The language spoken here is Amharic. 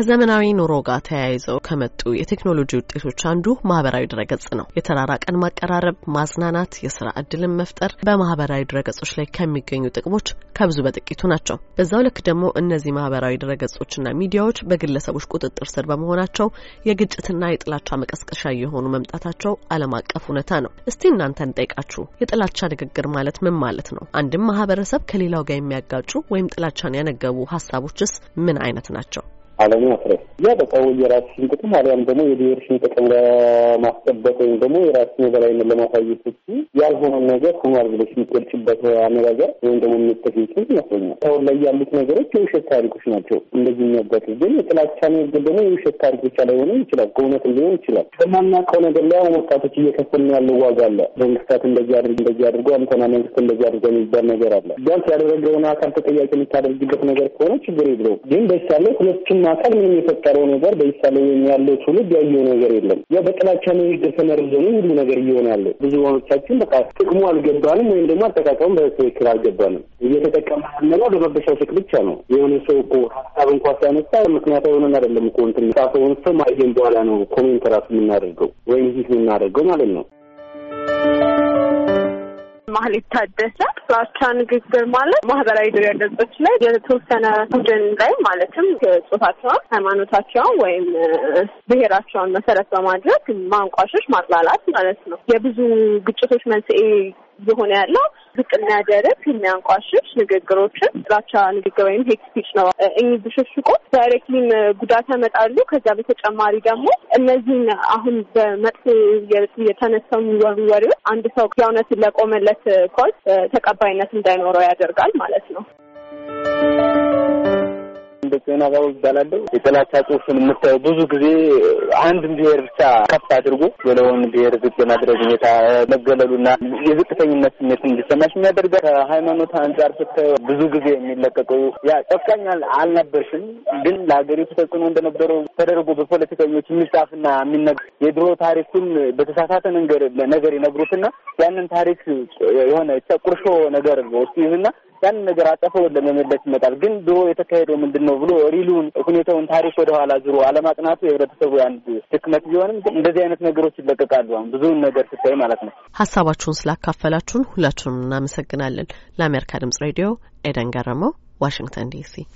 ከዘመናዊ ኑሮ ጋር ተያይዘው ከመጡ የቴክኖሎጂ ውጤቶች አንዱ ማህበራዊ ድረገጽ ነው። የተራራቀን ማቀራረብ፣ ማዝናናት፣ የስራ እድልን መፍጠር በማህበራዊ ድረገጾች ላይ ከሚገኙ ጥቅሞች ከብዙ በጥቂቱ ናቸው። በዛው ልክ ደግሞ እነዚህ ማህበራዊ ድረገጾችና ሚዲያዎች በግለሰቦች ቁጥጥር ስር በመሆናቸው የግጭትና የጥላቻ መቀስቀሻ የሆኑ መምጣታቸው ዓለም አቀፍ እውነታ ነው። እስቲ እናንተን ጠይቃችሁ የጥላቻ ንግግር ማለት ምን ማለት ነው? አንድም ማህበረሰብ ከሌላው ጋር የሚያጋጩ ወይም ጥላቻን ያነገቡ ሀሳቦችስ ምን አይነት ናቸው? አለሙ አስረ ያ በቃወል የራስሽን ጥቅም አሊያም ደግሞ የብሔርሽን ጥቅም ለማስጠበቅ ወይም ደግሞ የራስሽን የበላይነት ለማሳየት ስ ያልሆነ ነገር ሆኗል ብለሽ የሚቀልጭበት አነጋገር ወይም ደግሞ የሚጠቂጭ ይመስለኛል። አሁን ላይ ያሉት ነገሮች የውሸት ታሪኮች ናቸው። እንደዚህ የሚያጋጡ ግን የጥላቻ ንግግር ደግሞ የውሸት ታሪኮች ላይሆንም ይችላል፣ ከእውነትም ሊሆን ይችላል። በማናውቀው ነገር ላይ አሁን ወጣቶች እየከፈልን ያለው ዋጋ አለ። መንግስታት እንደዚህ አድርግ እንደዚህ አድርጎ አንተና መንግስት እንደዚህ አድርገ የሚባል ነገር አለ። ቢያንስ ያደረገውን አካል ተጠያቂ የምታደርግበት ነገር ከሆነ ችግር የለውም። ግን ደስ ያለ ሁለቱም በመቀናቀል ምንም የፈጠረው ነገር በኢሳላም ያለው ትውልድ ያየው ነገር የለም። ያው በጥላቻ ንግግር ተመርዞ ነው ሁሉ ነገር እየሆነ ያለው። ብዙ ሆኖቻችን በቃ ጥቅሙ አልገባንም፣ ወይም ደግሞ አጠቃቀሙ በትክክል አልገባንም። እየተጠቀመ ያለው ለመበሻሸቅ ብቻ ነው። የሆነ ሰው እኮ ሀሳብ እንኳ ሲያነሳ ምክንያት የሆነን አደለም እኮ እንትን ጻፈውን ሰው ማየን በኋላ ነው ኮሜንት ራሱ የምናደርገው ወይም ይህ የምናደርገው ማለት ነው። ማህሌት ታደሰ ጥላቻ ንግግር ማለት ማህበራዊ ድረ ገጾች ላይ የተወሰነ ቡድን ላይ ማለትም ጾታቸውን፣ ሃይማኖታቸውን ወይም ብሔራቸውን መሰረት በማድረግ ማንቋሸሽ፣ ማጥላላት ማለት ነው። የብዙ ግጭቶች መንስኤ እየሆነ ያለው ዝቅ የሚያደርግ የሚያንቋሽሽ ንግግሮችን ጥላቻ ንግግር ወይም ሄት ስፒች ነው እኚህ ብሽሽቆች ዳይሬክትሊም ጉዳት ያመጣሉ። ከዚያ በተጨማሪ ደግሞ እነዚህን አሁን በመጥፎ የተነሳው የሚወሩ ወሬዎች አንድ ሰው የእውነትን ለቆመለት ኮዝ ተቀባይነት እንዳይኖረው ያደርጋል ማለት ነው። ጽዮን አበባ ይባላለሁ። የጥላቻ ጽሁፍን የምታየው ብዙ ጊዜ አንድን ብሔር ብቻ ከፍ አድርጎ ሌላውን ብሔር ዝቅ የማድረግ ሁኔታ መገለሉና የዝቅተኝነት ስሜት እንዲሰማሽ የሚያደርጋል። ከሃይማኖት አንጻር ስታየው ብዙ ጊዜ የሚለቀቀው ያ ጨካኝ አልነበርሽም ግን ለሀገሪቱ ተጽዕኖ እንደነበረው ተደርጎ በፖለቲከኞች የሚጻፍና የሚነግ የድሮ ታሪኩን በተሳሳተ ነገር ነገር ይነግሩትና ያንን ታሪክ የሆነ ጨቁርሾ ነገር ውስጥ ይዝና ያንን ነገር አጠፈ ለመመለስ ይመጣል። ግን ድሮ የተካሄደው ምንድን ነው ብሎ ሪሉን ሁኔታውን ታሪክ ወደኋላ ዙሮ አለማጥናቱ የህብረተሰቡ አንድ ድክመት ቢሆንም ግን እንደዚህ አይነት ነገሮች ይለቀቃሉ። አሁን ብዙውን ነገር ስታይ ማለት ነው። ሀሳባችሁን ስላካፈላችሁን ሁላችሁንም እናመሰግናለን። ለአሜሪካ ድምጽ ሬዲዮ ኤደን ገረመው፣ ዋሽንግተን ዲሲ